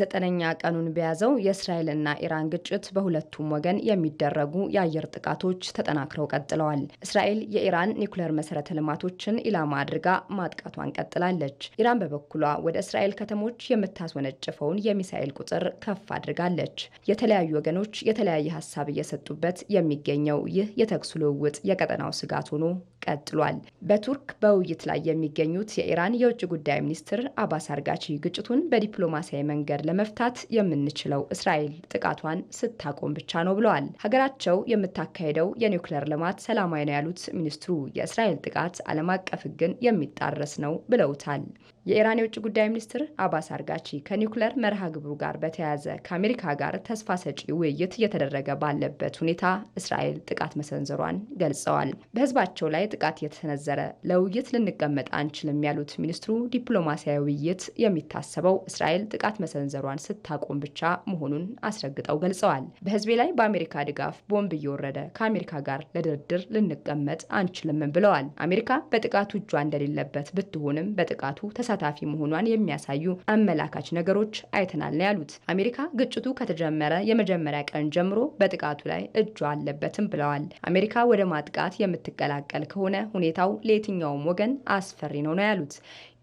ዘጠነኛ ቀኑን በያዘው የእስራኤልና ኢራን ግጭት በሁለቱም ወገን የሚደረጉ የአየር ጥቃቶች ተጠናክረው ቀጥለዋል። እስራኤል የኢራን ኒኩሌር መሰረተ ልማቶችን ኢላማ አድርጋ ማጥቃቷን ቀጥላለች። ኢራን በበኩሏ ወደ እስራኤል ከተሞች የምታስወነጭፈውን የሚሳኤል ቁጥር ከፍ አድርጋለች። የተለያዩ ወገኖች የተለያየ ሀሳብ እየሰጡበት የሚገኘው ይህ የተኩስ ልውውጥ የቀጠናው ስጋት ሆኖ ቀጥሏል። በቱርክ በውይይት ላይ የሚገኙት የኢራን የውጭ ጉዳይ ሚኒስትር አባስ አርጋቺ ግጭቱን በዲፕሎማሲያዊ መንገድ ለመፍታት የምንችለው እስራኤል ጥቃቷን ስታቆም ብቻ ነው ብለዋል። ሀገራቸው የምታካሄደው የኒውክሌር ልማት ሰላማዊ ነው ያሉት ሚኒስትሩ የእስራኤል ጥቃት ዓለም አቀፍ ሕግን የሚጣረስ ነው ብለውታል። የኢራን የውጭ ጉዳይ ሚኒስትር አባስ አርጋቺ ከኒውክለር መርሃ ግብሩ ጋር በተያያዘ ከአሜሪካ ጋር ተስፋ ሰጪ ውይይት እየተደረገ ባለበት ሁኔታ እስራኤል ጥቃት መሰንዘሯን ገልጸዋል። በህዝባቸው ላይ ጥቃት እየተሰነዘረ ለውይይት ልንቀመጥ አንችልም ያሉት ሚኒስትሩ ዲፕሎማሲያዊ ውይይት የሚታሰበው እስራኤል ጥቃት መሰንዘሯን ስታቆም ብቻ መሆኑን አስረግጠው ገልጸዋል። በህዝቤ ላይ በአሜሪካ ድጋፍ ቦምብ እየወረደ ከአሜሪካ ጋር ለድርድር ልንቀመጥ አንችልም ብለዋል። አሜሪካ በጥቃቱ እጇ እንደሌለበት ብትሆንም በጥቃቱ ተሳ ተሳታፊ መሆኗን የሚያሳዩ አመላካች ነገሮች አይተናል ነው ያሉት። አሜሪካ ግጭቱ ከተጀመረ የመጀመሪያ ቀን ጀምሮ በጥቃቱ ላይ እጁ አለበትም ብለዋል። አሜሪካ ወደ ማጥቃት የምትቀላቀል ከሆነ ሁኔታው ለየትኛውም ወገን አስፈሪ ነው ነው ያሉት።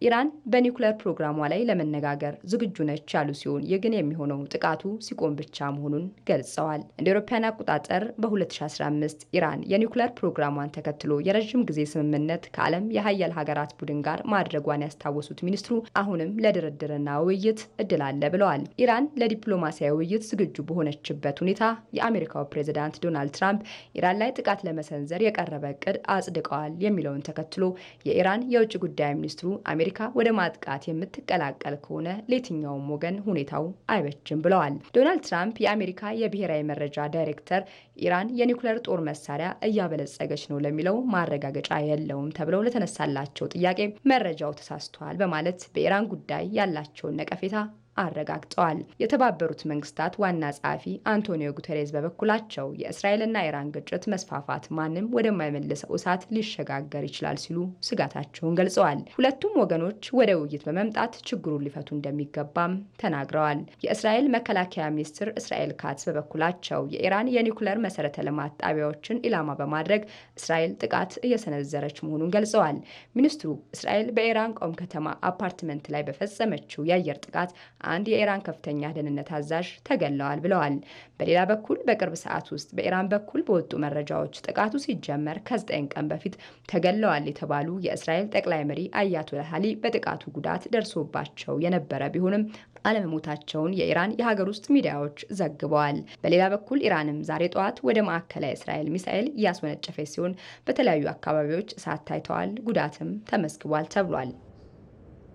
ኢራን በኒውክለር ፕሮግራሟ ላይ ለመነጋገር ዝግጁ ነች ያሉ ሲሆን ይህ ግን የሚሆነው ጥቃቱ ሲቆም ብቻ መሆኑን ገልጸዋል። እንደ አውሮፓውያን አቆጣጠር በ2015 ኢራን የኒውክለር ፕሮግራሟን ተከትሎ የረዥም ጊዜ ስምምነት ከዓለም የሀያል ሀገራት ቡድን ጋር ማድረጓን ያስታወሱት ሚኒስትሩ አሁንም ለድርድርና ውይይት እድል አለ ብለዋል። ኢራን ለዲፕሎማሲያዊ ውይይት ዝግጁ በሆነችበት ሁኔታ የአሜሪካው ፕሬዚዳንት ዶናልድ ትራምፕ ኢራን ላይ ጥቃት ለመሰንዘር የቀረበ እቅድ አጽድቀዋል የሚለውን ተከትሎ የኢራን የውጭ ጉዳይ ሚኒስትሩ አሜሪካ አሜሪካ ወደ ማጥቃት የምትቀላቀል ከሆነ ለየትኛውም ወገን ሁኔታው አይበጅም ብለዋል። ዶናልድ ትራምፕ የአሜሪካ የብሔራዊ መረጃ ዳይሬክተር ኢራን የኒውክሌር ጦር መሳሪያ እያበለጸገች ነው ለሚለው ማረጋገጫ የለውም ተብለው ለተነሳላቸው ጥያቄ መረጃው ተሳስቷል በማለት በኢራን ጉዳይ ያላቸውን ነቀፌታ አረጋግጠዋል። የተባበሩት መንግስታት ዋና ጸሐፊ አንቶኒዮ ጉተሬዝ በበኩላቸው የእስራኤልና ኢራን ግጭት መስፋፋት ማንም ወደማይመልሰው እሳት ሊሸጋገር ይችላል ሲሉ ስጋታቸውን ገልጸዋል። ሁለቱም ወገኖች ወደ ውይይት በመምጣት ችግሩን ሊፈቱ እንደሚገባም ተናግረዋል። የእስራኤል መከላከያ ሚኒስትር እስራኤል ካትስ በበኩላቸው የኢራን የኒውክለር መሰረተ ልማት ጣቢያዎችን ኢላማ በማድረግ እስራኤል ጥቃት እየሰነዘረች መሆኑን ገልጸዋል። ሚኒስትሩ እስራኤል በኢራን ቆም ከተማ አፓርትመንት ላይ በፈጸመችው የአየር ጥቃት አንድ የኢራን ከፍተኛ ደህንነት አዛዥ ተገለዋል ብለዋል። በሌላ በኩል በቅርብ ሰዓት ውስጥ በኢራን በኩል በወጡ መረጃዎች ጥቃቱ ሲጀመር ከዘጠኝ ቀን በፊት ተገለዋል የተባሉ የእስራኤል ጠቅላይ መሪ አያቶላህ አሊ በጥቃቱ ጉዳት ደርሶባቸው የነበረ ቢሆንም አለመሞታቸውን የኢራን የሀገር ውስጥ ሚዲያዎች ዘግበዋል። በሌላ በኩል ኢራንም ዛሬ ጠዋት ወደ ማዕከላዊ እስራኤል ሚሳኤል እያስወነጨፈች ሲሆን በተለያዩ አካባቢዎች እሳት ታይተዋል፣ ጉዳትም ተመዝግቧል ተብሏል።